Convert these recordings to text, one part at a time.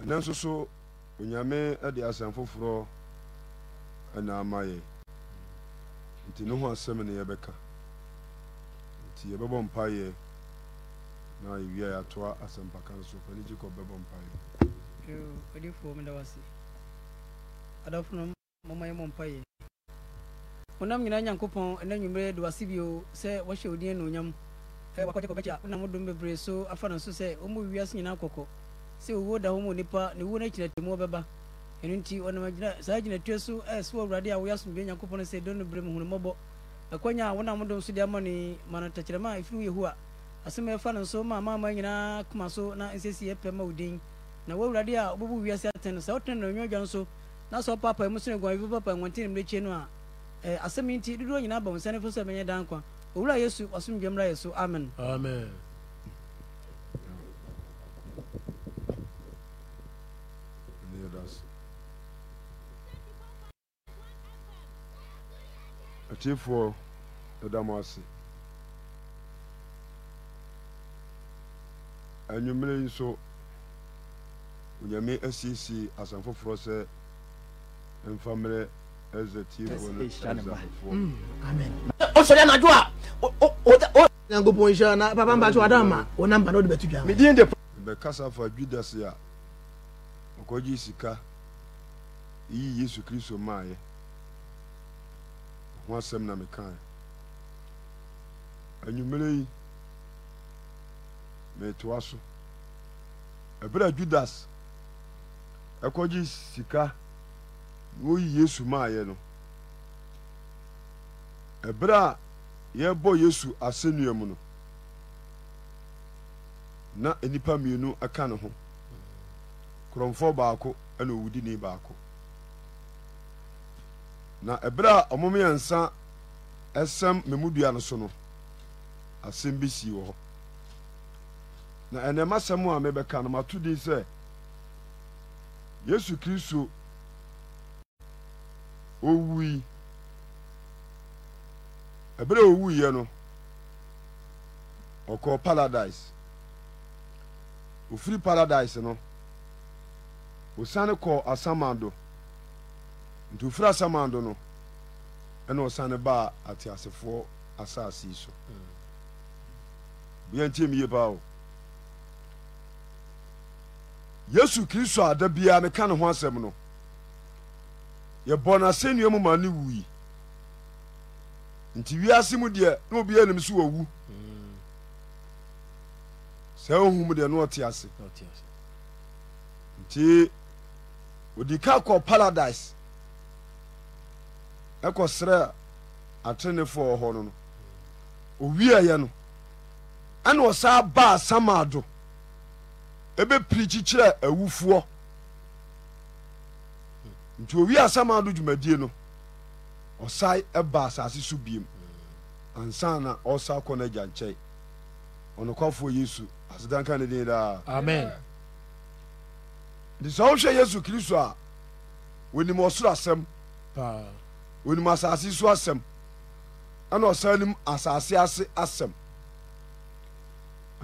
ɛnɛ nso so onyame de asɛm foforɔ ɛna ama yɛ nti ne ho asɛm ne yɛbɛka nti yɛbɛbɔ mpaeɛ na yɛwie a yɛatoa asɛmpaka no so fa ne gye kɔ bɛbɔ mpaeɛ odifoɔ meda wase adafo no mɔma yɛ mɔ mpaeɛ wonam nyinaa nyankopɔn ɛna nwummerɛ de wase bio sɛ wɔhyɛ odin anuonyam wakɔkyɛ kɔbɛkyɛ wonam wodom bebree so afa no so sɛ ɔmmɔ wiase nyinaa kɔkɔ sɛ wo da homu nipa ne wo na akyi natamu bɛba enu nti ɔnam agyina saa agyinatuo so ɛso awurade a wo asomdwe nyankopɔn no sɛ dɔ no berɛ mu hunummɔbɔ ɛkwanya a wonam dom so de ama ne ma no tɛkyerɛma a ɛfiri wo yehowa asɛm ɛfa no nso ma mama nyinaa koma so na nsɛsi yɛpɛ pema udin na wo awurade a wobɛbu wi ase aten so wotene no nyo dwa so na sɛ ɔpaapae mu so ne papa bɛpaapae nwɔntene mmerɛkyie no a asɛm yi nti dudu nyina ba wo nsa ne fo so ɛbɛnyɛ daa nkwa owura yesu wasomdwa mmra yesu amen amen ɔtiefoɔ ɛda mo ase anwummere yi nso onyame asiesie asɛm foforɔ sɛ mfa mmerɛ ɛsɛ tiefoɔ no ɛsɛfoɔ ɔsɔre anadwo a nyankopɔn hyɛ na papa mpa kyɛ wada ma wo namba na wode bɛto dwa bɛkasa fa dwidase a ɔkɔgye sika yi yesu kristo maayɛ ho asɛm na mekae anwummere yi metoa so ɛberɛ judas ɛkɔgye sika na wɔyi yesu maayɛ no ɛberɛ a yɛbɔ yesu asɛnnua mu no na nnipa mmienu ɛka ne ho kurɔmfoɔ baako ɛna owudini baako na ɛberɛ a ɔmo mmiɛnsa ɛsɛm memudua no so no asɛm bi sii wɔ hɔ na ɛnɛ masɛm a mebɛka no mato din sɛ yesu kristo owui ɛberɛ a owuiɛ no ɔkɔɔ paradise ofiri paradise no osane kɔɔ asamado nti ofiri asamando no ɛna ɔsane baa ateasefoɔ asase yi so hmm. bia ntie yie paa o yesu kristo ada biara meka ne ho asɛm no yɛbɔ n'asɛnnua mu ma ne wui nti wiase mu deɛ na obiara nim so wɔwu hmm. sɛ ohu mu deɛ na ɔte ase nti odi kɔ paradise ɛkɔ serɛ atrenefoɔ hɔ no no owieɛ no ɛna ɔsaa baa samado ɛbɛpirikyi kyerɛ awufoɔ nti owie asamado dwumadie no ɔsae ɛba asase so biem ansa na ɔsa kɔ no agya nkyɛe ɔnokwafoɔ yesu asedanka ne din daa amen nti sɛ wohwɛ yesu kristo a wɔnim ɔsoro asɛm onim asase so asɛm ɛna ɔsan nim asase ase asɛm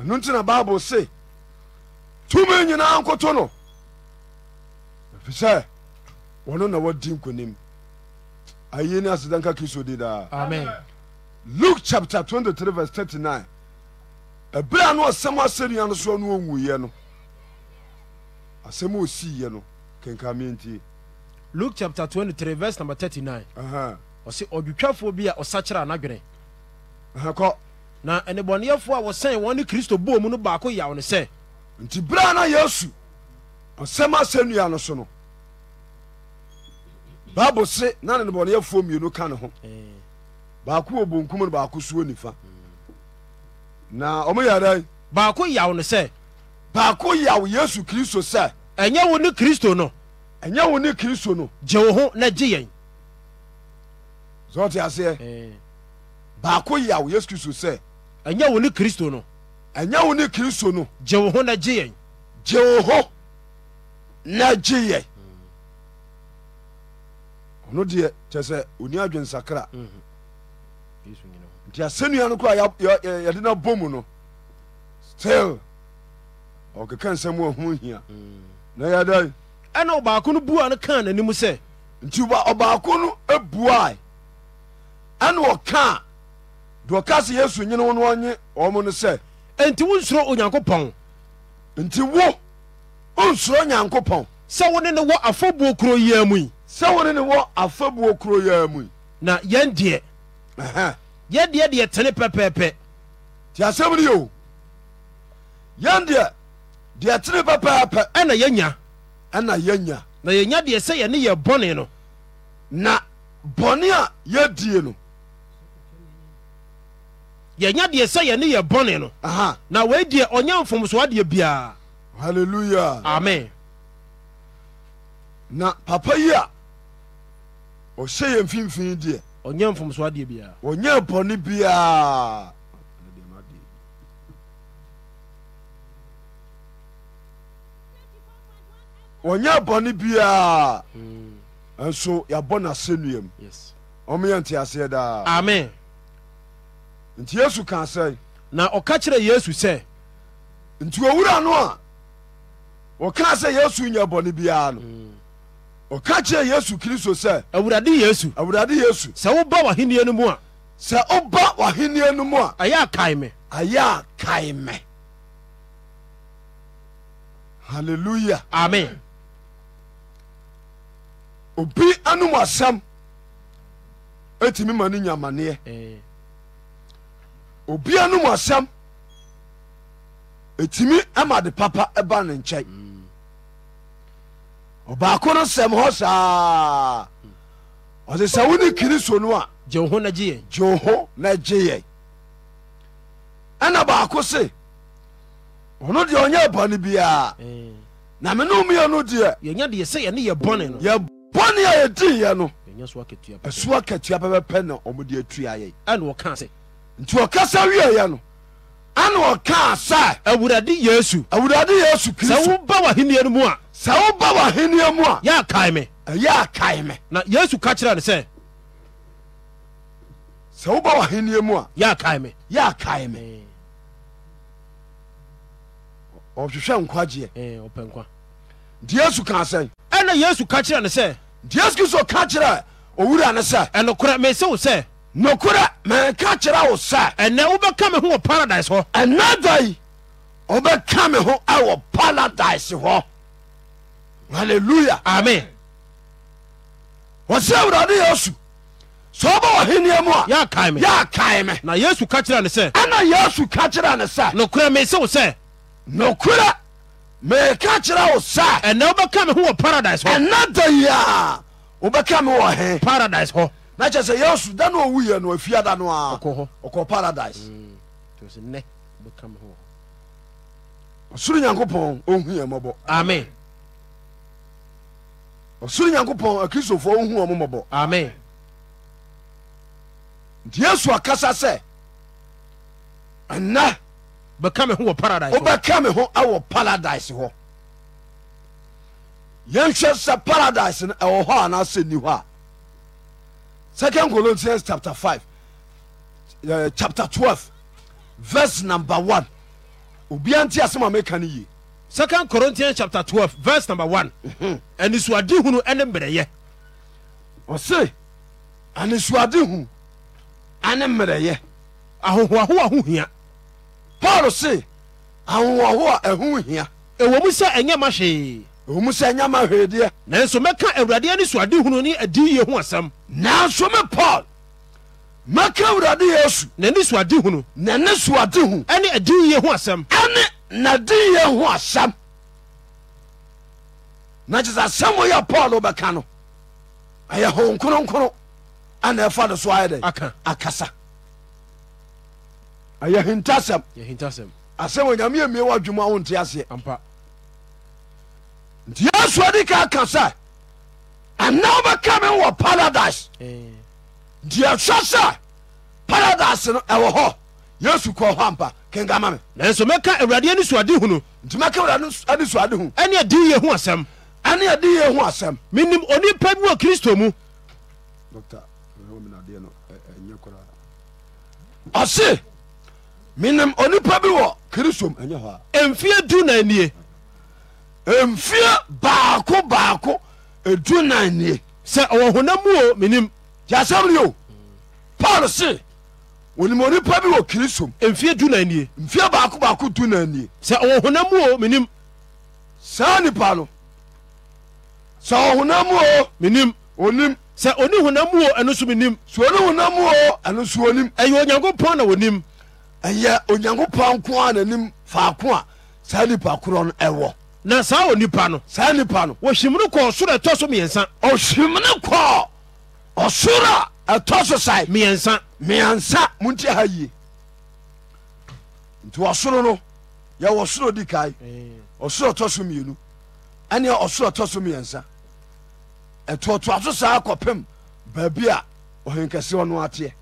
ɛno nti na bible se tumi nyinaa nkoto no ɛfi sɛ wɔno na wɔdi nkonim ayi ne aseda nka kristo di daa amen luke chapter 23 verse 39 ɛberɛ a no ɔsɛm asɛnnua no soɔ no ɔwuiɛ no asɛm a ɔsiiɛ no kenkameɛ ntie luke chapter twenty-three, verse number thirty-nine. ɔsɛ ɔdwitwafoɔ bi a ɔsakyerɛ anadwene kɔ na ɛnebɔneyɛfoɔ a wɔsɛn wɔn ne kristo bɔɔ mu no baako yaw no sɛ nti berɛ na yesu ɔsɛm asɛnnua no so no bible se na nenebɔneyɛfoɔ mmienu ka ne ho baako wɔ bonkum no baako so nifa na ɔmo yɛ dɛn baako yaw no sɛ baako yaw yesu kristo sɛ ɛnyɛ wo ne kristo no ɛnyɛ wo ne kristo no gye wo ho na gye yɛn sɛ ɔte aseɛ baako yɛ a wo yesu kristo sɛ ɛnyɛ wo ne kristo no ɛnyɛ wo ne kristo no gye wo ho na gye yɛn gye wo ho na gye yɛn ɔno deɛ kyɛ sɛ ɔni adwensakra nti asɛnnua no koraa yɛde no bɔ mu no still ɔkeka nsɛm a ho hia mhm. na yɛdai ɛna ɔbaako no bua no kaa n'anim sɛ nti ɔbaako no abua ɛna ɔkaa deɛ ɔka sɛ yesu nyene wo no ɔnye ɔmo no sɛ enti wonsuro onyankopɔn nti wo wonsuro onyankopɔn sɛ wo ne ne wɔ afɔbuo kuro yi mu yi sɛ wo ne ne wɔ afɔbuo kuro yi mu yi na yɛn deɛ yɛn deɛ deɛ tene pɛpɛɛpɛ ti asɛm ni o yɛn deɛ deɛ tene pɛpɛɛpɛ ɛna nya. ɛna yɛanya na yɛanya deɛ sɛ yɛne yɛ bɔne no na bɔne a yɛdiɛ no yɛanya deɛ sɛ yɛne yɛ bɔne no na weidiɛ ɔnyɛ mfomsoa deɛ biara haleluya ame na papa yi a ɔhyɛ yɛn finimfii deɛ ɔnyɛ mfomsoadeɛ biaa ɔnyɛɛ bɔne biaa ɔnyɛ bɔne biaa ɛnso hmm. yɛabɔ noasɛnnuam ɔmyɛ nteaseɛ daa ame nti yesu kaa sɛe na ɔka kyerɛ yesu sɛ nti owura no a wɔkaa sɛ yesu nyɛ bɔne biara no hmm. ɔka kyerɛ yesu kristo sɛ awurade yesu awurade yesu sɛ woba w'ahenniɛ no mu a sɛ woba w'ahenniɛ no mu a ɛyɛ akae me ɛyɛ akae me halleluya amen obi anom asɛm ɛtumi ma no nyamaneɛ eh. obi anom asɛm ɛtumi ɛma de papa ɛba ne nkyɛn hmm. ɔbaako no sɛm hɔ saa ɔde sɛ wone kristo no a gye wo ho na gye yɛn ɛna baako se ɔno deɛ ɔnyɛ bɔne biara eh. na me ne omiɛ no deɛ yɛnya deɛ sɛ yɛne yɛ bɔne no bɔne a yɛdiiɛ no ɛsoa katua pɛpɛpɛ na ɔmode atuayɛ ɛne nti ɔkasa wieɛ no ɛne ɔkaa sɛ awurade yesu awurade yesu kristsɛ woba wahenia no mu a sɛ woba wahenia mu a yɛ akae me ɛyɛ akae me na yesu ka kyerɛ no sɛ sɛ woba wahenia mu a yɛ akae me yɛ akae me ɔhwehwɛ nkwagyeɛ nti yesu kaa sɛn ɛna yesu ka kyerɛ no sɛ tees kristo ka kyerɛ owura ne sɛ ɛnokorɛ meseo nokorɛ menka kyerɛ wo sɛ ɛnɛ wobɛka me ho wɔ paradise hɔ ɛna dai wɔbɛka me ho ɛwɔ paradaese hɔ aleluya amen wɔsɛ awurade yesu sɛ wobawɔ heniɛmu a yɛ kae me yɛa kae me na yesu ka kyerɛ ne sɛ ɛna yesu ka kyerɛ ne sɛ nokorɛ meisewo sɛ nokorɛ meka kyerɛ wo sa ɛnɛ wobɛka me ho wɔ paradise hɔ ɛna da yi a wobɛka me wɔ he paradise hɔ na kyɛ sɛ yesu da na ɔwuyɛ no afia da no a ɔkɔ paradise mm. ɔsoro nyankopɔn ɔhu yɛ mmɔbɔ amen ɔsoro nyankopɔn akristofoɔ ɔhu ɔmo mmɔbɔ amen nti yesu akasa sɛ ɛnɛ bɛka me ho wɔ paradise wobɛka me ho ɛwɔ paradise hɔ yɛnhwɛ sɛ paradise no ɛwɔ hɔ anaasɛ ni hɔ a second corinthians chapter 5 uh, eh, chapter 12 verse number 1 obia nti asɛm a meka no yie second corinthians chapter 12 verse number 1 mhm. anisoade hunu ɛne mmerɛyɛ ɔse anisoade hunu ɛne mmerɛyɛ ahohoahoa ho hia paul se ahoɔho a ɛho hia ɛwɔ mu sɛ ɛnyɛ ma hwee ɛwɔ mu sɛ ɛnyɛ ma hwee deɛ nanso mɛka awurade ani so adehunu ne adiyiye ho asɛm nanso me paul mɛka awurade yesu n'ani so adehunu n'ani so adehu ɛne adiyiye ho asɛm ɛne n'adiyiye ho asɛm na kyesɛ asɛm wɔyɛ paul bɛka no ɛyɛ honkononkoro ana ɛfa de so ayɛ dɛ akasa ɛyɛ hintasɛm asɛm onyame yɛ mie wɔ adwuma wo nte aseɛ nti yesu adi ka ka sɛ ɛna wobɛka me wɔ paradise eh. nti ɛhwɛ sɛ paradise no ɛwɔ hɔ yesu kɔ hɔ ampa kenkama me nanso mɛka awurade ani suade hu no nti mɛka awurade ani suade hu ɛne adi yɛ ho asɛm ɛne adi yɛ ho asɛm menim onipa bi wɔ kristo mu ɔse menem onipa bi wɔ kiristom ɛnyɛ hɔ a mfie du nanie mfie baako baako dunannie sɛ ɔwɔ hona mu o mennim yaasɛmne paul se onem onipa bi wɔ kiristom mfiedani mfie baakoaakodunani ɛ whon muo mei saa nipa no sɛ honam o meninim ɛɔnhomuo ɛnoso mennm ɔni honmuo ɛnosoonim ɛyɛ onyankopɔn na onim ɛyɛ onyankopɔn nko a nanim faako a saa nipa korɔ no ɛwɔ na saa onipa no saa nipa no wɔhwim no kɔɔ soro ɛtɔ so mmiɛnsa ɔhwim no kɔɔ ɔsoro a ɛtɔ so sae mmiɛnsa mmiɛnsa monti ha yie nti ɔsoro no yɛwɔ soro di kae ɔsoro ɛtɔ so mmienu ɛneɛ ɔsoro ɛtɔ so mmiɛnsa ɛtoɔtoa so saa kɔpem baabi a ɔhenkɛse ɔno ateɛ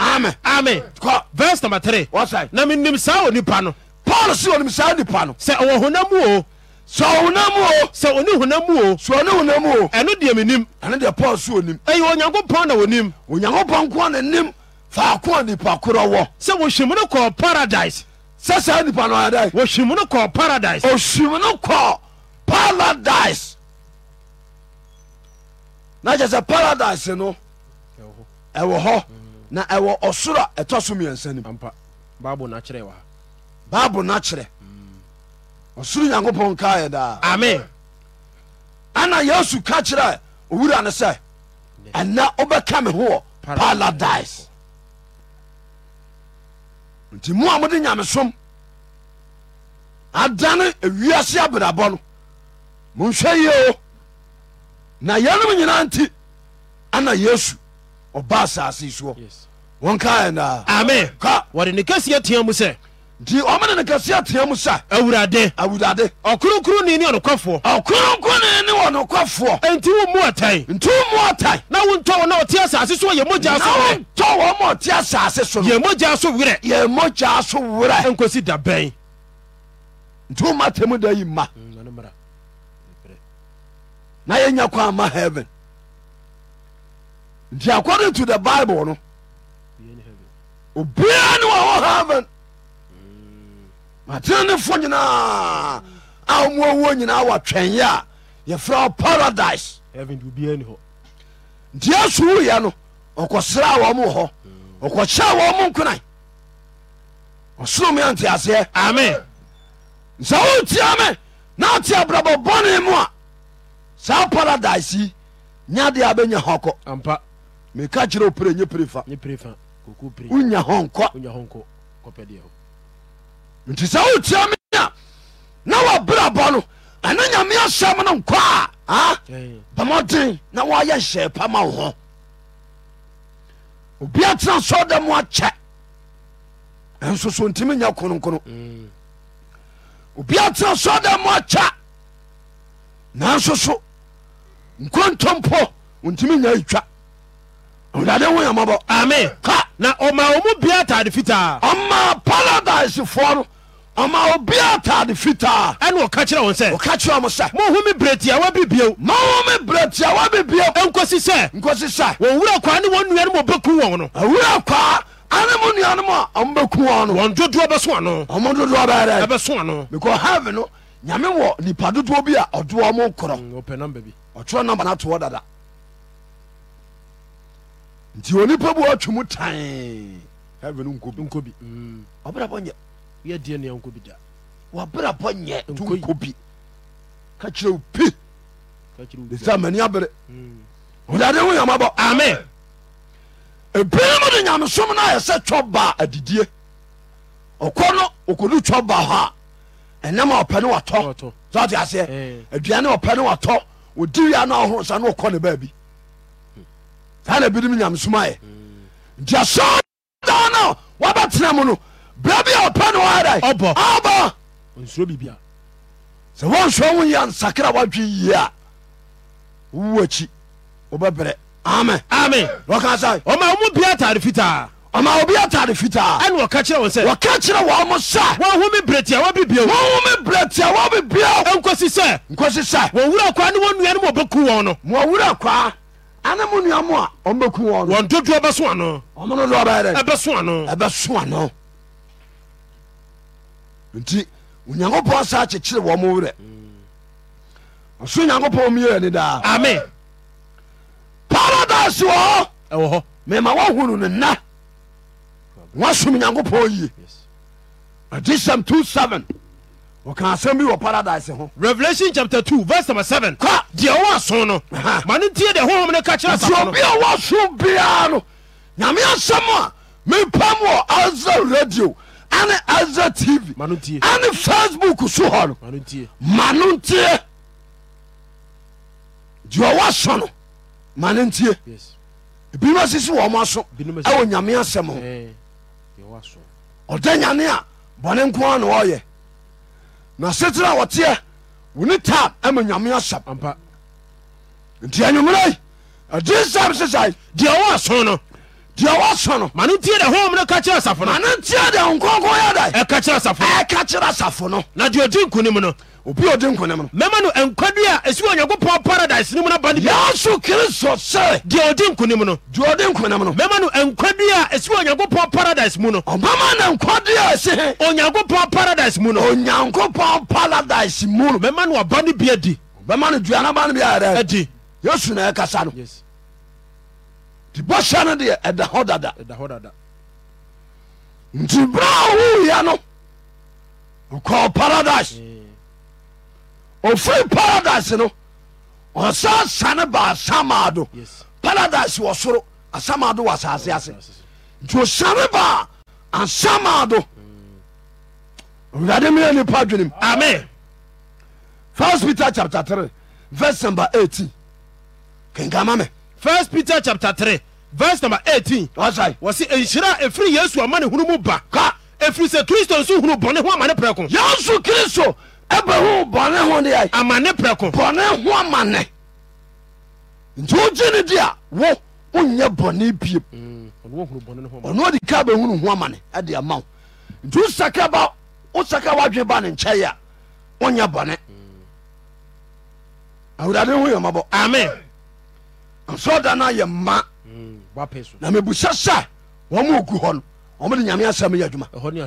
amen amen kɔ verse number three wɔsɛn na mi nim saa o nipa no paul si onim saa nipa no sɛ ɔwɔ honam o sɛ ɔhonam o sɛ ɔne honam o sɛ ɔne honam o ɛno deɛ menim ɛno deɛ paul si onim ɛyɛ onyankopɔn na wɔnim onyankopɔn nko na nim faako a nipa korɔ wɔ sɛ wɔhwim no kɔɔ paradise sɛ saa nipa no ɔyɛdɛ wɔhwim no kɔɔ paradise ɔhwim no paradise na kyɛ sɛ paradise no ɛwɔ hɔ mm. na ɛwɔ ɔsoro a ɛtɔ so mmiɛnsa nim bible na kyerɛ ɔsoro nyankopɔn kaɛ daa ame ana yesu ka kyerɛ owura no sɛ ɛna wobɛka me ho wɔ paradise nti mo a mode nyamesom adane ewiase abrabɔ no monhwɛ yie o na yɛnom nyinaa nti ana yesu ɔba asase soɔ wɔnkaɛnaa ame wɔde ne kɛsiɛ tea mu sɛ nti ɔmene ne kɛseɛ tea mu sa awurade awurade ɔkrokroni n'i ni ɔkrokroni ne ɔnokwafoɔ enti wo mu ɔtae nti wo mu ɔtae na wontɔ wɔ na ɔte asase so yɛ mogya so werɛ wontɔ wɔ ma ɔte asase so no yɛ mogya so werɛ yɛ mogya so werɛ nkosi da bɛn nti wo matemu da yi ma mm, na yɛnya kwan ama heaven nti accd to the bible no obiaa ne wɔhɔ heven matene fo nyinaa a mɔwu nyinaa wtwɛnyɛ a yɛfra paradise ntiasuoiɛ no ɔkɔsra wɔ mwɔhɔ khyɛ a wɔ m nkonan ɔsoromeanteaseɛ ame nsa wortia me na ntiabrabɔbɔne mu a saa paradiseyi nyade a bɛnya hkɔ meka kyerɛ opre nye prfawonya hnk menti sa otia me a na wobrabɔ no ɛna nyamea syɛm no nkɔ a ba mɔden na wɔayɛ nhyɛ pa ma wo hɔ obi atena so dɛ mo akyɛ nso so ontimi nya konokono mm. obi atena sɔ dɛ moakya nanso so nkotɔmpo ontim nya ɛtwa wdewoyamɔbɔ ame ka na ɔma ɔ mu bia atade fitaa ɔma paradisefoɔ no ɔma obia atade fitaa ɛne ɔka kyerɛ wɔn sɛ ɔka kyerɛ mo sɛ mohome beretiawa bibio mahome beretiawa bibio nkosi sɛ nkosi sɛ wɔwura kwaa ne wɔn no wɔn no awura kwaa ane mo a wɔn no wɔn dodoɔ bɛso ano ɔmo dodoɔ bɛyɛ ɛbɛso ano because no nyame wɔ nipa dodoɔ bi a ɔdoɔ korɔ mm, ɔtwerɛ onipa bi watwomu tryarb am bi mode mm. mm. nyamesom noaɛse two ba adidie kon kodu two bahɔ n pɛntpn ɛna binom nyamesomayɛ nti ɛsɔn da no wabɛtena mu no bra bi a ɔpɛ ne wɔada aba nsuro biribia sɛ wonsuro wo yɛ nsakra woadwe yie a wowɔ akyi wobɛbrɛ amen amen wɔka sa ɔma wɔmu bia atare fitaa ɔma obi atare fitaa ɛne wɔka kyerɛ wɔn sɛ wɔka kyerɛ wɔn mo sa wɔhome beretiawa bi bio wɔhome beretiawa bi bio nkɔsi sɛ nkɔsi sɛ wɔwura kwaa ne wɔnnua no ma wɔbɛku wɔn no ma wɔwura kwaa anoennti yankpn sakeker so yakpnmedparadieawahnna wasom yankopnye sɛb wɔparadise hoe deɛ ɔwɔaso noano tddobia ɔwɔso biara no nyame asɛm a mempam wɔ asa radio ane asa tv ane facebook so hɔ no mano ntie deɛ ɔwɔ asɔ no mano ntie ebinom asisi wɔ ɔma aso ɛwɔ nyame asɛm ho ɔda nyane abɔne nkoanɔyɛ na setere wɔteɛ wone ta ma nyamea sap pa ntia womere age sɛm sesadewɔsnmane tia da mka kyrɛ asafo na krɛa krɛ asafo no n deɛ ode nkoni m no obi a ɔde nkwa nam no mɛma no nkwadu a ɛsi wɔ onyankopɔn paradise no mu no ba no yasu kristo sɛ deɛ ɔde nkonim no deɛ ɔde nkwa nam no mɛma no nkwadu a paradise mu no ɔbɛma na nkwadu a ɛsi he onyankopɔn paradise mu no onyankopɔn paradise mu no mɛma no aba no bi adi ɔbɛma no duanaba no bi ayɛrɛ adi yesu na ɛkasa no nti bɔhyɛ no deɛ ɛda hɔ dada nti bra a wowiɛ no ɔkɔɔ paradise mm ofiri paradise no ɔsa sane ba asamado paradise wɔ soro asamado wɔ asase ase nti ɔsane ba asamado owurade meyɛ nipa dwenem amen first peter chapter three, verse number eighteen. kenkama me first peter chapter three, verse number 18 ɔsae wɔse nhyira a ɛfiri yesu ama ne hunu ba ka ɛfiri sɛ kristo nso hunu bɔne hu ama ne prɛko yesu kristo ɛbɛhu bɔne ho deɛ amane prɛko bɔne ho amane nti o ji de a wo wonyɛ bɔne biem ɔno ka bɛhunu ho amane ɛde ama wo nti wosaka ba wosaka woadwene ba ne nkyɛe a wonyɛ bɔne awurade ho yɛ ma ma mm, na hɔ no yɛ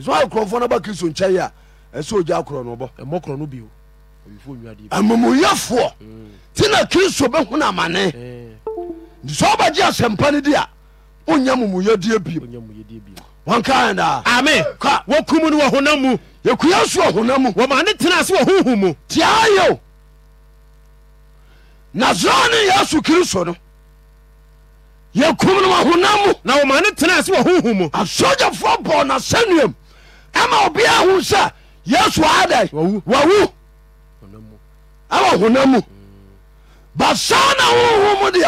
kɔakisoɛfti mm. na kristo bɛhuna amaneso mm. obagye asɛmpa no dia ɔya moa nasra neyɛasu kristo no y note asoyafoɔ bɔɔnaɛn ɛma ɔbia ho sa yesɔadas wɔwu ɛwa hona mu but sɛ na hohom d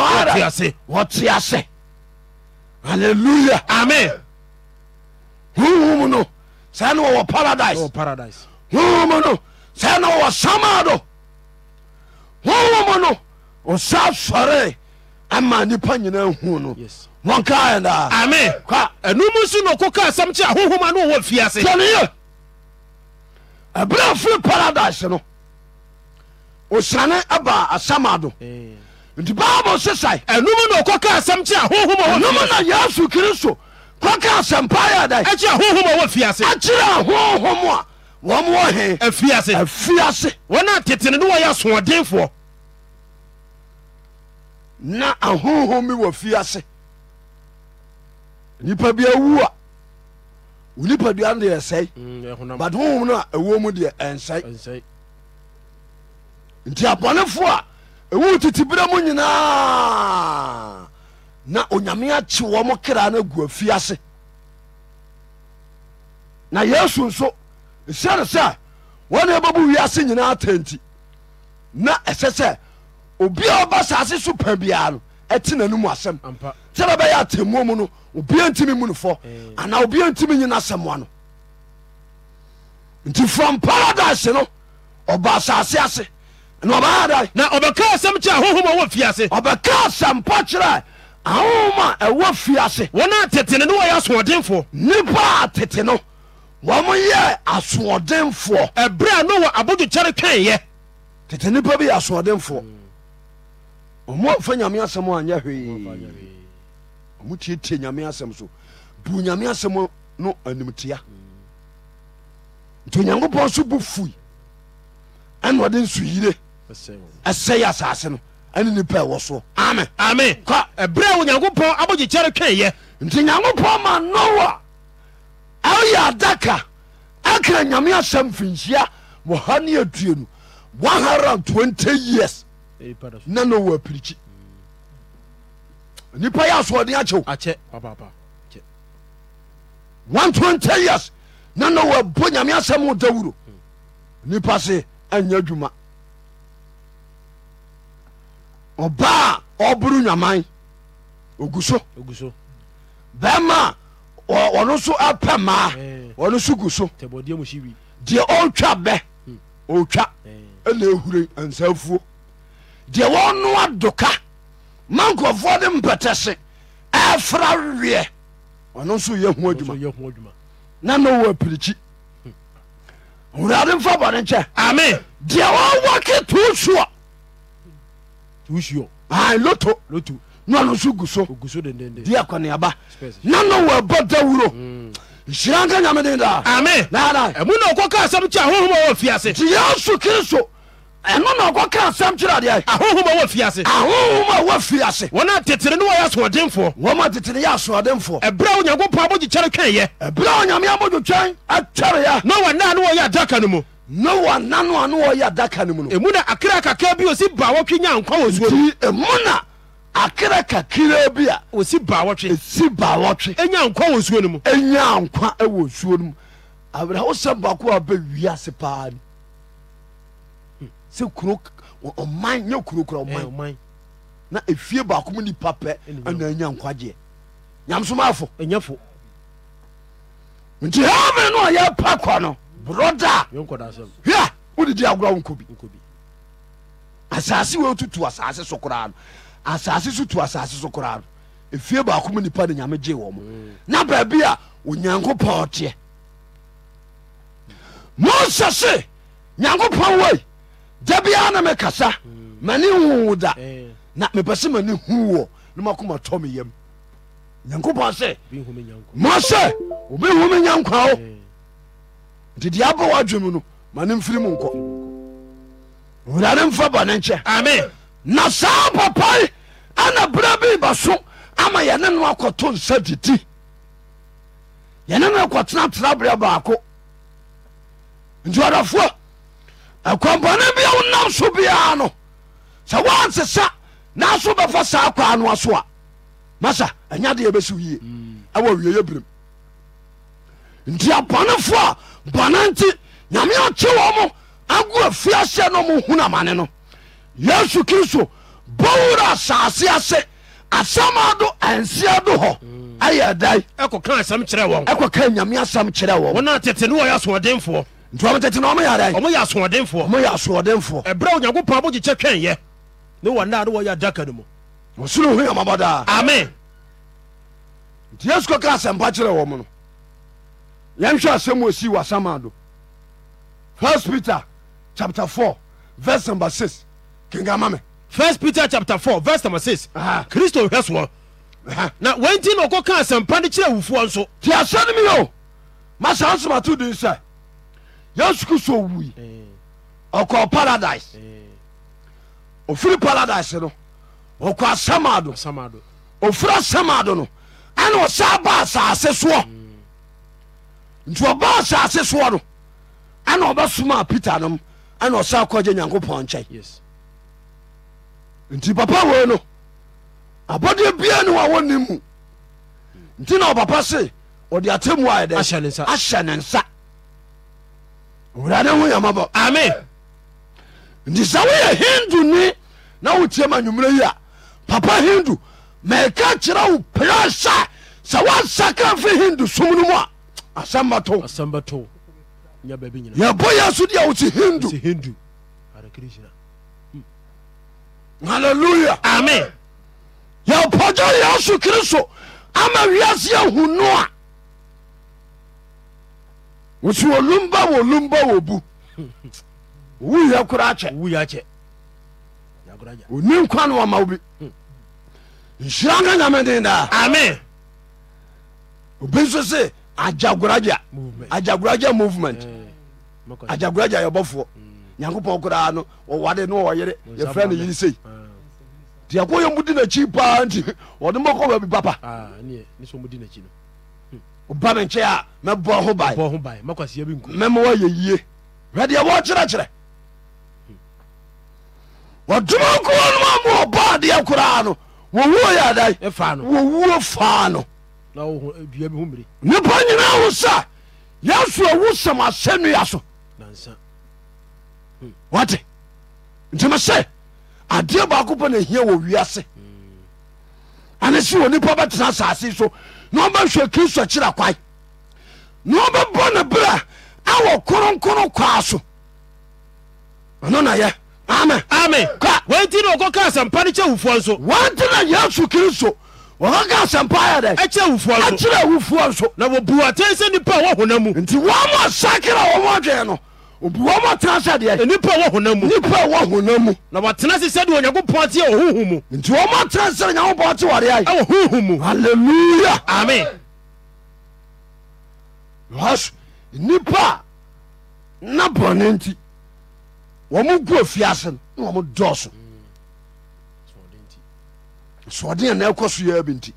wɔ teasɛ aleluya amen hoho m no sɛ na wɔwɔ paradise hohm no sɛ no ɔwɔsama do hoho m no ɔsa sɔre ɛma nnipa nyina ahu no ame anum snaɔ asɛmkyhohonfasenye ɛbrɛ fir paradise no oserane ba asama do eh. nti bible sesae anum na asɛmkyonnayesu kristo kka sɛmpadakyhohofaseakyerɛ ahohom a ɔmɔhfasefiasentete nyɛsɔdefo na ahohom mi wfiase nipa bi awu a wo nipadua no deɛ ɛsɛe mm, but honhom no a ɛwɔ mu deɛ ɛnsɛe nti abɔnefoɔ a ɛwu titibirɛ mu nyinaa na onyame akye wɔ mo kra no agu na yesu nso ɛsiane sɛ wɔne ɛbɛbu wiase nyinaa ta na ɛsɛ sɛ obiaa ɔba saase so pa biara no ɛte nanomu asɛm sɛ bɛbɛyɛ atammuo mu no obia ntimi munufɔ anaa obia ntimi nyina asɛmmoa no nti from paradise no ɔba asase ase na ɔbaada na ɔbɛka asɛm kyerɛ ahohom a ɔwɔ fie ase ɔbɛka asɛm pa kyerɛ a ɛwɔ fie wɔn a tete no ne wɔyɛ asoɔdenfoɔ nipa a tete no wɔn yɛ asoɔdenfoɔ ɛbrɛ a no wɔ abodwokyɛre twɛn yɛ tete nipa bi yɛ asoɔdenfoɔ mm. ɔmo amfa nyame asɛm anyɛ hwee ɔmo tietie nyame asɛm so bu nyame asɛm no animtia nti onyankopɔn so bo fui ɛna ɔde nsuyire ɛsɛe asase no ɛne nipa ɛwɔ soɔ amen amen kɔ ɛberɛ a onyankopɔn abɔgyekyɛre twɛnyɛ nti nyankopɔn ma noa ɛyɛ adaka ɛkra nyame asɛm finhyia wɔha ne adue no 120 years Eh, na na ɔwɔ apirikyi hmm. nipa acho asoɔden akyɛw one twenty years na na ɔwɔ abo nyame asɛm dawuro hmm. nipa se anya adwuma ɔbaa ɔboro nwaman ogu so bɛma ɔno so apɛ maa eh. ɔno so gu so deɛ ɔtwa bɛ hmm. ɔtwa eh. ɛna deɛ wɔnoa doka ma nkurɔfoɔ de mpɛtɛse ɛfra weɛ ɔno nso yɛ ho adwuma na na ɔwɔ apirikyi awurade mfa bɔne nkyɛ ame deɛ wɔwɔ ke too suɔ loto na ɔno nso gu so deɛ akɔneaba na na ɔwɔ ɛbɔ dawuro mm. nhyira nka nyame den daa ɛmu na ɔkɔka asɛm kyɛ ahohom a wɔ fiase nti yesu kristo ɛno na ɔkɔ ka asɛm kyerɛ deɛ ahohom a wɔafie ase ahohom a wɔn a tetere wɔyɛ asoɔdenfoɔ a tetere yɛ asoɔdenfoɔ ɛberɛ a onyankopɔn ɛberɛ a onyame na wɔna ne wɔyɛ adaka no mu noa nano a ne wɔyɛ adaka no mu no ɛmu na akra kakra bi ɔsi ba wɔtwe nya nkwa na akra kakra bi a ɔsi ba wɔtwe ɛsi ba wɔtwe ɛnya nkwa wɔ suo no mu ɛnya nkwa wɔ suo no mu baako a paa sɛ kuro ɔman nyɛ kuro kura ɔman na efie baako mu nipa pɛ ɛna anya nkwagyeɛ nyamsomaafo ɛnyɛfo nti hɛmi no ɔyɛ pɛ kɔ no broda hwɛ wodedi agorɔ wo nkɔ bi asase tutu asase so koraa no asase so tu asase so koraa no efie baako mu nipa ne nyame gyee wɔ mo mm. na baabi a onyankopɔn ɔteɛ mose se nyankopɔn wei da biar ne me kasa mane huo da na mepɛ sɛ mane huɔ nmaomatɔmeyam nyankopɔn ɛm sɛ obi hom nyankwa ɔ eh. nti debɔɔadwemu no mane mfirim nkɔ wrae mfa bane nkyɛ na saa papae ana bra bi bɛso ama yɛne noa akɔto nsa dii yɛne no ktenarabrɛ baakon ɛkɔmpɔne bia wonam so biaa no sɛ woansesa naso bɛfa saa kwaa noa so a masa ɛnya de yɛbɛsiw yie mm. ɛwɔ wieyɛ birem nti abɔnefo a bɔne nti nyame ɔkye wɔ mo agoa fiaseɛ no mo hunu amane no yesu kristo bowura asase ase asɛm ado ansia do hɔ mm. ɛyɛ dai ɛkɔka asɛm kyerɛ wɔn ɛkɔka nyame asɛm kyerɛ wɔn wɔn a tete ne wɔyɛ asoɔdenfoɔ ntiwamtete na ɔmoyɛ dɛ ɔmoyɛ asoɔdenfoɔ ɔmoyɛ asoɔdenfoɔ ɛberɛ onyankopɔn mogyekye twɛnyɛ ne wɔnna ne wɔyɛ adaka no mu ɔsoro hu yamabɔ daa amen nti yesu kɔ ka asɛmpa kyerɛ wɔ mu no yɛnhwɛ asɛm a osii a asama do first peter chapter 4 verse number 6 kenkama me first peter chapter 4 verse number 6 kristo hwɛ soɔ na wɔnti na ɔkɔka asɛmpa no kyerɛ awufoɔ nso nti asɛ no mi o masa nsomato din sɛ yesu kristo wui ɔkɔ paradise ofiri paradise no ɔkɔ asamado ofiri asamado no ɛna ɔsa ba asase soɔ nti ɔba asase soɔ no ɛna ɔbɛsoma peter nom ɛna ɔsa kɔgye nyankopɔn nkyɛn nti papa wei no abɔdeɛ biaa ne wawɔ ne mu nti na ɔpapa se ɔde atamu ayɛ dɛ ahyɛ ne nsa owurade ho yamabɔ amen nti sɛ woyɛ hindu ni na wotie ma nwummerɛ yi a papa hindu mɛka kyerɛ wo pira sɛ sɛ woasakra mfe hindu som no mu a asɛm bɛto yɛbɔ yɛ so deɛ wosi hindu halleluya amen yɛpɔgya so kristo ama wiase ahu no a wosi olumba wo olumba wo bu wuyɛ kora kyɛ oni nkwa no wama wo bi hmm. nhyira nka nyame den daa amen obi nso se ajagoraja ajagoraja movement eh, ajagoraja yɛbɔfoɔ hmm. nyankopɔn koraa no wɔwade ne wɔyere yɛfrɛ no yere sei nti yɛkɔ ah. yɛ mu di n'akyi paa nti ɔde mɔkɔ baabi papa ah, woba me nkyɛ a mɛbɔ ho bae mɛma woayɛ yie hwɛdeɛ wɔkyerɛkyerɛ wɔdoma nkoɔ nom a mɔba adeɛ koraa no wɔwuo yɛ adae wɔwuo faa no nipa nyinaa wo sa yɛso awu sɛm asɛnnua so hmm. wate nti me sɛ adeɛ baako pɛ na hia wɔ wiase hmm. ane si wɔ nipa bɛtena asase so na bɛhwɛ kristo kyerɛ kwa na ɔbɛbɔ na bera awɔ korokoro kwaa so ɔno na yɛ ame ame ka wanti ne wɔkɔka asɛmpa no kyɛ ahofua nso wɔnti na yesu kristo wɔkɔka asɛmpaɛdɛɛkyerɛ afua nsokyerɛ f nso na wɔbuu atɛ sɛ nnipa a wɔhona mu nti wɔma sakera wɔmɔ adweɛ no obi wɔn mo tena sɛ deɛ. nipa wɔ honam mu. nipa wɔ honam mu. na wa tena sɛ sɛdeɛ onyankopɔn ate wɔ huhu mu. nti wɔn mo tena sɛ onyankopɔn ate wɔ adeɛ. ɛwɔ huhu mu. hallelujah. amen. wɔs nipa na bɔnne nti wɔn mo gu efiase no na wɔn mo dɔɔso. sɔɔden na ɛkɔ so yɛ bi nti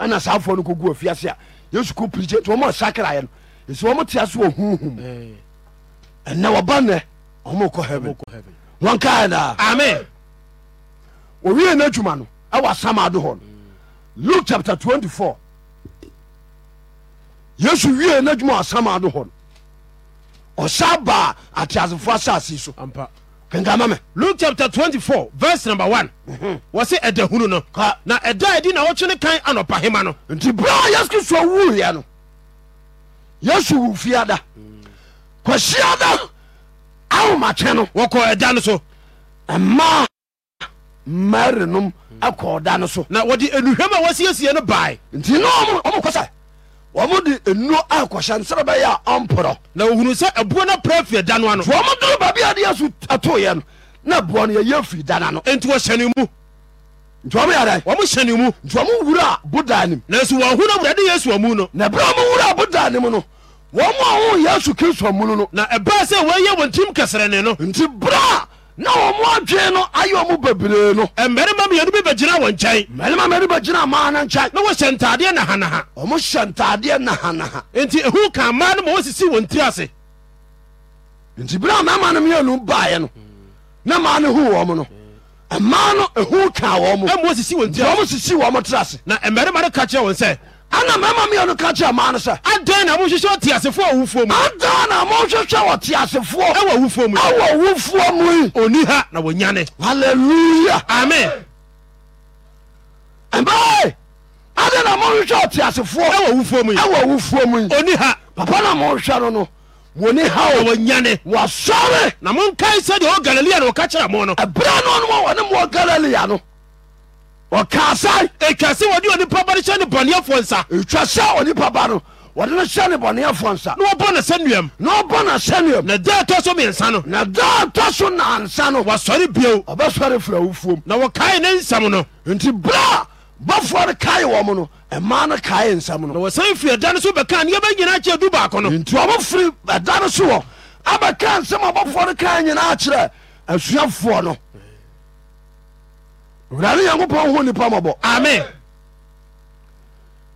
ɛna saa afɔ no kɔ gu efiase a yesu ko pirikye tí wɔn mo sakra yɛ no esi wɔn mo te ase wɔ huhu mu. ɛnɛ wɔbanɛ ɔmokɔ heaven a amen owie no adwuma no ɛwɔ asama hɔ no luke chapter 24 yesu wie no wɔ asama hɔ no ɔsa baa ateasefoɔ asase so luke chapter 24 verse number 1 mhm. wɔ se ɛda hunu na ɛda ɛdi na wɔtwe kan anɔpahema nọ. nti berɛ a yesu kristo no yesu wo fiada mm. kɔhyia da awomatwɛ no wɔkɔɛda no so ɛma marenom kɔɔ da no so na wɔde anuhwɛm a wɔasiesie no baentmde n akɔhyɛ no sɛbɛbɛyɛ ɔpɔ nahunu sɛ abua no prafia da no ano ɔmdorobaabiade yesu toɛ no na boɔno yɛyɛ fii danno nti wɔhyɛne mu nt myɛ mo hyɛne mu ntmwuraabodanm nas whuno wurade yesu amu nonberɛ mwurbodanm no wɔn mu a wɔn yesu kristo mu no. na ɛbaa sɛ wɔyɛ wɔn tim kɛsɛrɛni no. nti bra na wɔn mu adwene no ayɛ wɔn bebree no. mmarima mmienu bi bɛgyina wɔn nkyɛn. mmarima mmienu bɛgyina maa no nkyɛn. na wɔhyɛ ntaadeɛ nahanaha. wɔn hyɛ ntaadeɛ nahanaha. nti ehu kan mmaa no ma wɔsisi wɔn ti ase. nti bra mmarima no mmienu baeɛ no na maa no hu wɔn no mmaa no ehu kan wɔn mu. ɛmu wɔsisi wɔn sisi wɔn ti ase. na mmarima no ka ɛna mɛma miɛno ka kyerɛ ma no sɛ adɛn na mohwehwɛ ɔteasefoɔ awufuo mu adan na mohwehwɛ wɔ teasefoɔ ɛwɔ awufuo mu ɛwɔ awufuo mu yi ɔni ha na wɔnyane halleluya amen ɛbɛɛ adɛn na mohwehwɛ ɔteasefoɔ ɛwɔ awufuo mu yi ɛwɔ awufuo mu yi ɔni ha papa na mohwehwɛ no no wɔni ha o wɔnyane wɔsɔre na monkae sɛdeɛ ɔ galilea na wɔka kyerɛ mo no ɛberɛ no no ma wɔne mowɔ galilea no ɔkaa sae ɛtwa sɛ wɔde onipa ba no hyɛ ne bɔneɛfoɔ nsa ɛtwa sɛ onipa ba no wɔde no hyɛ ne bɔneɛfoɔ nsa na wɔbɔ ne sɛ nnuam na ɔbɔ na sɛ nnuam na da ɛtɔ so miɛnsa no na da ɛtɔ so nansa no wɔsɔre bio ɔbɛsɔre firi awofuom na wɔkae ne nsɛm no nti berɛ a bɔfoɔ no kae wɔ mo no ɛma no kae nsɛm no na wɔsan firi ɛda no so bɛka nneɛma nyinaa kyerɛ du baako no nti ɔmofiri ɛda no so wɔ abɛka nsɛm a bɔfoɔ no kae nyinaa kyerɛ asuafoɔ no wurade nyankopɔn ho nipa mɔbɔ amen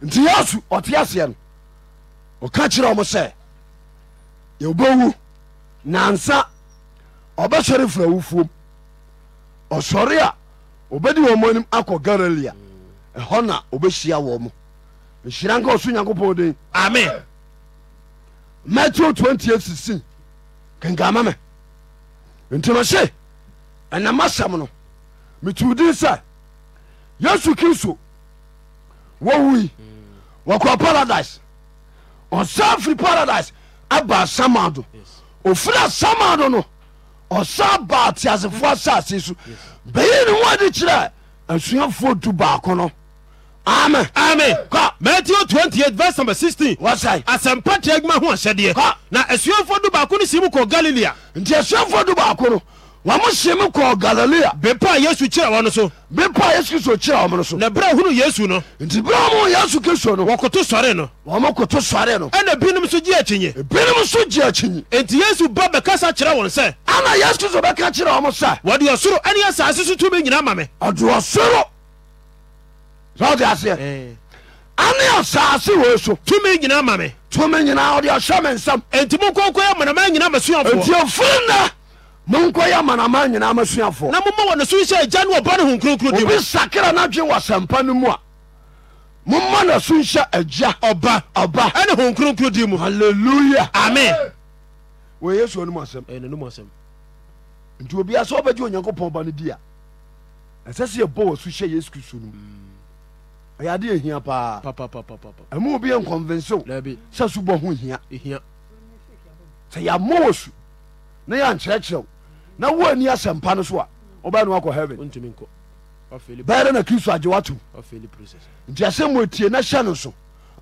nti yesu ɔte aseɛ no ɔka kyerɛ ɔmo sɛ yɛwobɛwu nansa ɔbɛsɔre fira wofuom ɔsɔre a obɛdi wɔn mo anim akɔ galilea ɛhɔ na obɛhyia wɔ mo nhyira nka ɔso nyankopɔn den matthew kenkama me no metu din sɛ yesu kristo wɔwui wɔkɔ paradise ɔsan firi paradise aba samado ofiri asamado no ɔsan ba teasefoɔ asase so bɛyi ne wɔde kyerɛ asuafoɔ du baako no amen. amen. kɔ. matthew twenty eight verse number sixteen. wasaɛ. asɛmpa tiɛ ho ahyɛdeɛ. kɔ. na asuafoɔ du baako ni simu kɔ galilea. nti asuafoɔ du baako no. wamo se me k galilamepɔa yesu kyerɛ wnsomepkkra brahunu yesu nry kkoto sre n na binom so gyeakyiyibinmso yakiy nti yesu ba bɛka sa kyerɛ wɔn sɛnyekri bɛka kerɛ de soro neyɛ sase so tumi nyina mame ne tum nyina ma meyn ns enti mokoko a manama nyina ama suaf monkɔ manama amanama nyinaa ma suafoɔ na momma wɔ ne so nhyɛ agya ne ɔba ne honkronkro obi sakra no adwe wɔ asɛmpa no mu a momma na so nhyɛ agya ɔba ɔba ɛne honkronkro di mu halleluya amen wɔ yesu anom asɛm nti obia sɛ wobɛgye onyankopɔn ba no di a ɛsɛ sɛ yɛbɔ wɔ so hyɛ yesu kristo no mm. ɛyɛ ade yɛhia paa ɛma obi yɛ nkɔnvensew sɛ subɔ ho hiya. sɛ yɛamɔ wɔ su na yɛankyerɛkyerɛw na woani asɛmpa no so a wobɛɛ no wakɔ heaven bɛɛrɛ na kristo agye wato nti asɛm mu atie na hyɛ no so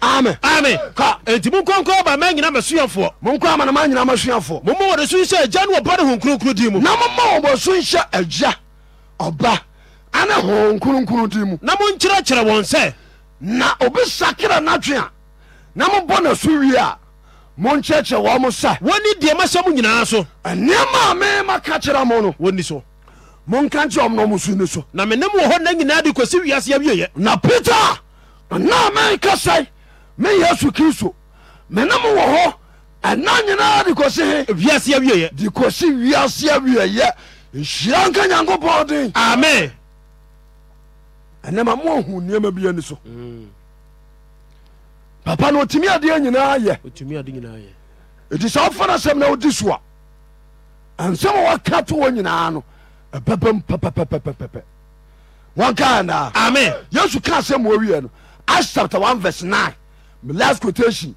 amen amen ka enti monkɔnkɔ ba ma nyina masuafoɔ monkɔ ama na ma nyina masuafoɔ momma wɔde so nhyɛ agya ne wɔba ne ho nkronkro din mu na momma wɔbɔ so nhyɛ agya ɔba ane ho nkronkro din mu na monkyerɛkyerɛ wɔn sɛ na obi sakra natwe a na mobɔ na so wie a monkyerɛkyerɛ wɔ mo sɛ wɔni deɛ mahyɛ mo nyinaa so nneɛma a ma maka kyerɛ mo no wɔnni so monka nkyerɛ ɔm na ɔmo su ni so na menem wɔ hɔ nna nyinaa de kɔsi wiase awieɛ na peter na menka sɛe me yesu kristo menem wɔ hɔ ɛna nyinaa de kɔsi he wiase awieɛ de kɔsi wiase awieɛ nhyira nka nyankopɔn den amen ɛnɛma moahu nneɛma biani so mm papa na otumi adeɛ nyinaa yɛ ɛti sɛ wofa no asɛm na wodi so a ansɛm a wɔka to wɔ nyinaa no ɛbɛbam pɛpɛpɛpɛpɛpɛ wɔnkaa naa amen yesu ka asɛm wɔwiɛ no acts chapter one verse nine. me last quotation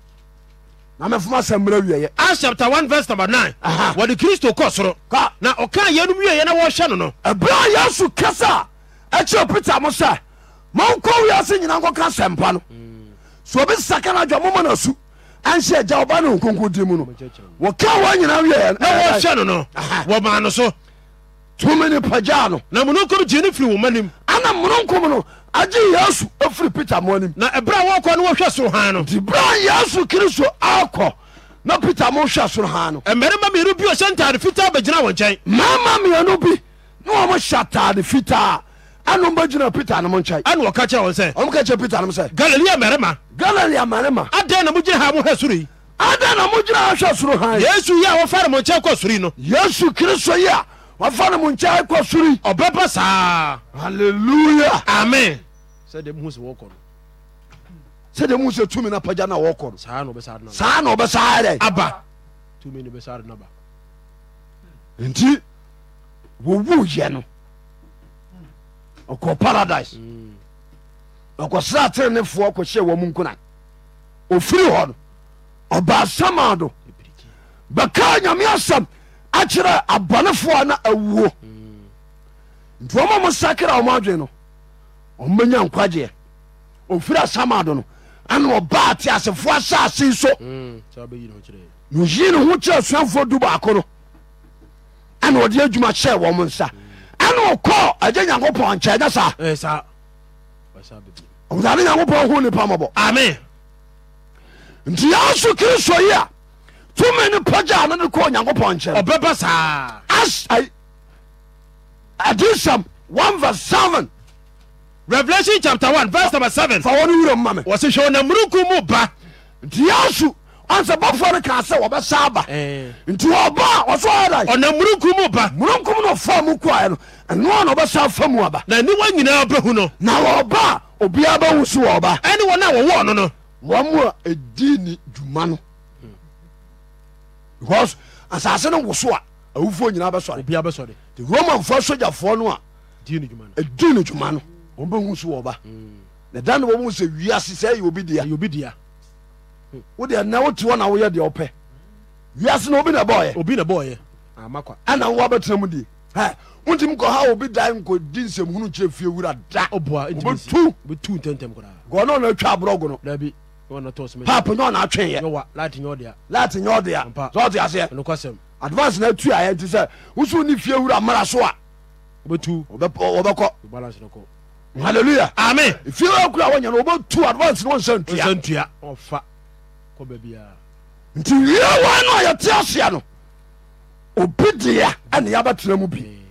na mɛfoma asɛm mmerɛ wieɛ acts chapter one verse number nine. 9 wɔde kristo kɔ soro na ɔkaa yɛnom wieɛ na wɔhwɛ no no ɛberɛ a yesu kasa a ɛkyerɛ peter mo sɛ monkɔ wiase nyina nkɔka asɛmpa no mm so obi saka no adwa moma no su anhyɛ agya ɔba ne nkonko di mu no wɔka wɔ nyina wieɛ na wɔhyɛ no no wɔmaa no so tumi ne pagyaa no na mononkom gye ne firi wo ma nim ana mononkom no agye yasu? afiri peter mo anim na ɛberɛ a wɔkɔ no wɔhwɛ soro haa no nti berɛ a yesu akɔ na peter mo hwɛ soro haa no mmarima mmienu bi ɔhyɛ ntade fitaa bɛgyina wɔ nkyɛn mmarima mmienu bi na wɔmo hyɛ atade fitaa anembagina pete nm kɛ an wa ka krɛsɛ ete galilea marmaga adɛn namoginah mhɛ srninsyesu ye wafare mok k srno yes krisyf m k ksr bɛpasaa alya am sɛdhe mse tumi napaan wkaa nbɛsay ɔkɔ paradise ɔkɔsra mm. tenefoɔ kɔhyɛ wɔ mu nkona ofiri hɔ no ɔba sama do bɛkaa nyame asɛm akyerɛ abɔnefoɔ na awuo mm. nti ɔma mo sakra ɔmo adwene no ɔmmɛnya nkwagyeɛ ofiri asama do no ɛna ɔbaa te asefoɔ asase so mm. na oyi ne ho kyerɛ asuafoɔ du baako no ɛna ɔde adwuma hyɛɛ wɔ mo nsa mm ɛne ɔkɔ agye nyankopɔn nkyɛ nya saa ɔmutane nyankopɔn ho nipa mɔbɔ ame nti yɛaso kristo yi a tumi ne pagya no ne kɔɔ nyankopɔn nkyɛ ɔbɛba saa adesɛm 1 vs 7 revelation chapter 1 vs number 7 fa wɔne wura mu ma me wɔse hwɛ ɔnamuruku mu ba nti yɛaso ansɛ bɔfoɔ no kaa sɛ wɔbɛsa aba eh. nti ɔba ɔsɔɔda ɔna murukum mu ba murukum no ɔfa mu kuaɛ no ɛnoa na ɔbɛsa fa mu aba na niwa nyinaa bɛhu no na wɔba obiaa bɛhu so wɔ ɔba ɛne wɔn a wɔwɔ no no wɔn mu a ɛdi ni dwuma no because asase no woso a awufoɔ nyinaa bɛsɔre obiaa bɛsɔre the romanfoɔ sogyafoɔ no a ɛdi ni dwuma no wɔn bɛhu so wɔ ɔba mm. na dan na wɔn mu sɛ wiase sɛ ɛyɛ obi dia wode ɛnɛ wote hɔ na woyɛ deɛ wopɛ wiase na obi na bɔɔyɛ obi na bɔɔyɛ amakwa ah, ɛna wowabɛtena mu die wontim kɔ ha obi dan nkɔdi nsɛm hunu kyerɛ fie wura da obɛtu obɛtu ntɛmtɛm koraa gɔɔ na ɔna atwa aborɔgo no dabi pap nyɛ ɔna atweyɛ lati nyɛ ɔdea sɛ ɔte aseɛ advance na atu ayɛ nti sɛ woso ne fie wura mmara so a wɔbɛkɔ halleluya ame fie wura kora wɔnya no wɔbɛtu advance na wɔnsa ntua nti wie wa no a yɛte aseɛ no obi dea ɛne yɛbɛtena mu bi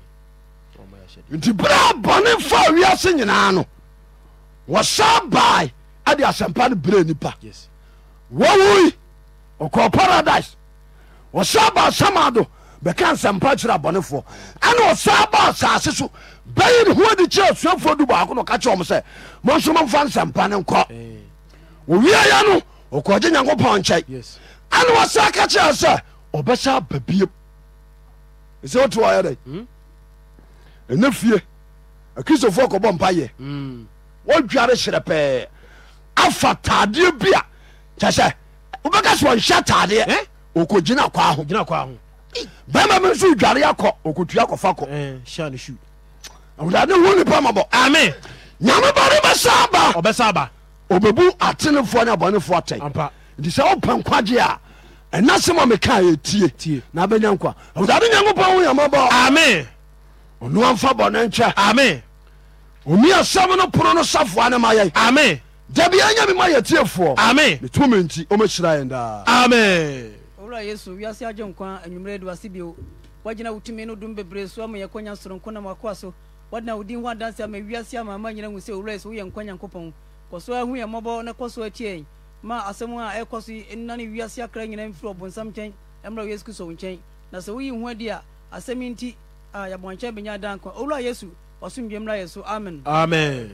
nti berɛ a bɔne fa wiase nyinaa no wɔsa bae ade asɛmpa no berɛ nipa wɔwui ɔkɔɔ paradise wɔsa baa samado bɛka nsɛmpa kyerɛ abɔnefoɔ ɛne ɔsa ba asase so bɛyi ne ho adi kyerɛ asuafoɔ du baako no ɔka kyerɛ ɔm sɛ mɔnso nsɛmpa ne nkɔ owia no ɔkɔgye nyankopɔn nkyɛe ɛne wɔsa ka kyerɛ sɛ ɔbɛsɛ aba biem ɛsɛ wote wɔyɛ dɛ hmm? ɛnɛ fie akristofoɔ kɔbɔ mpayɛ hmm. wɔdware hyerɛ pɛɛ afa taadeɛ bi a kyɛ sɛ wobɛka sɛ wɔnhyɛ taadeɛ ɔkɔgyina kwaa ho bɛma mi nso dware akɔ ɔkɔtua kɔfa kɔ awurade ho nipa mabɔ ame nyame bare bɛsa aba ɔbɛsa aba obebu atenefoɔ ne abɔnefoɔ nti sɛ wopɛ nkwagye a ɛna sɛm a meka ɛtie na abɛnya nkwa awurade nyankopɔn wo yamabɔ ame ɔno amfa bɔne nkyɛ ame omi no pono no safoa ne ame nya me ma ame nti ɔmɛhyira yɛn daa ame owura yesu wiase agye nkwa anwummerɛ aduase bio woagyina wo no dom bebree so ama yɛkɔ nya soronko nam akoa so woadena wo ho adanse ama wiase ama nyina hu kɔ so ahu yɛ mmɔbɔ na kɔ so atie ma asɛm a ɛkɔ so nnane wiase akra nyina mfiri ɔbonsam nkyɛn ɛmmra yesu kristo nkyɛn na sɛ woyi ho adi a asɛm nti benya bɛnya dankwa owura yesu ɔsomdwe mmra yɛ so amen amen